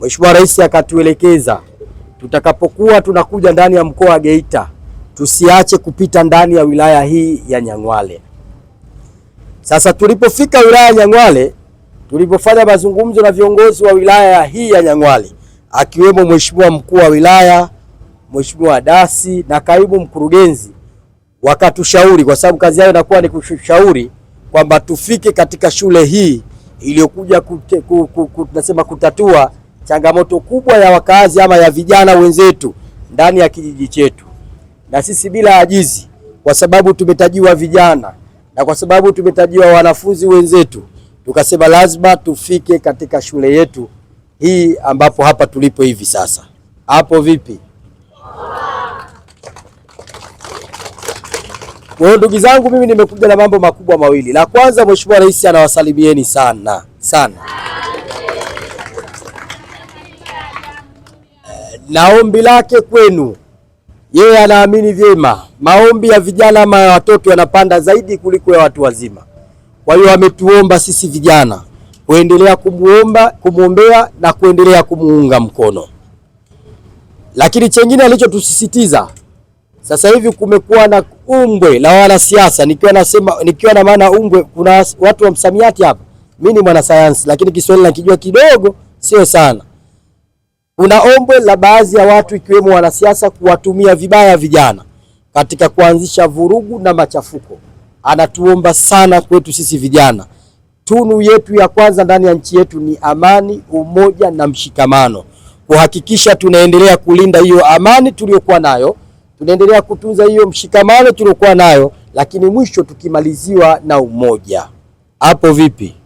Mheshimiwa Rais akatuelekeza tutakapokuwa tunakuja ndani ya mkoa wa Geita tusiache kupita ndani ya wilaya hii ya nyangwale Sasa tulipofika wilaya ya Nyang'wale, tulipofanya mazungumzo na viongozi wa wilaya hii ya nyangwale akiwemo Mheshimiwa mkuu wa wilaya, Mheshimiwa Dasi na kaimu mkurugenzi, wakatushauri kwa sababu kazi yao inakuwa ni kushauri kwamba tufike katika shule hii iliyokuja tunasema kutatua changamoto kubwa ya wakazi ama ya vijana wenzetu ndani ya kijiji chetu, na sisi bila ajizi, kwa sababu tumetajiwa vijana na kwa sababu tumetajiwa wanafunzi wenzetu, tukasema lazima tufike katika shule yetu hii ambapo hapa tulipo hivi sasa. Hapo vipi? Kwa hiyo ndugu zangu, mimi nimekuja na mambo makubwa mawili. La kwanza, Mheshimiwa Rais anawasalimieni sana sana. na ombi lake kwenu, yeye anaamini vyema maombi ya vijana ama ya watoto yanapanda zaidi kuliko ya watu wazima. Kwa hiyo ametuomba sisi vijana kuendelea kumuomba, kumwombea na kuendelea kumuunga mkono. Lakini chengine alichotusisitiza sasa hivi kumekuwa na umbwe la wanasiasa. Nikiwa nasema nikiwa na maana umbwe, kuna watu wa msamiati hapa. Mimi ni mwanasayansi, lakini Kiswahili nakijua kidogo, sio sana. Kuna ombwe la baadhi ya watu ikiwemo wanasiasa kuwatumia vibaya vijana katika kuanzisha vurugu na machafuko. Anatuomba sana kwetu sisi vijana, tunu yetu ya kwanza ndani ya nchi yetu ni amani, umoja na mshikamano, kuhakikisha tunaendelea kulinda hiyo amani tuliyokuwa nayo, tunaendelea kutunza hiyo mshikamano tuliokuwa nayo, lakini mwisho tukimaliziwa na umoja, hapo vipi?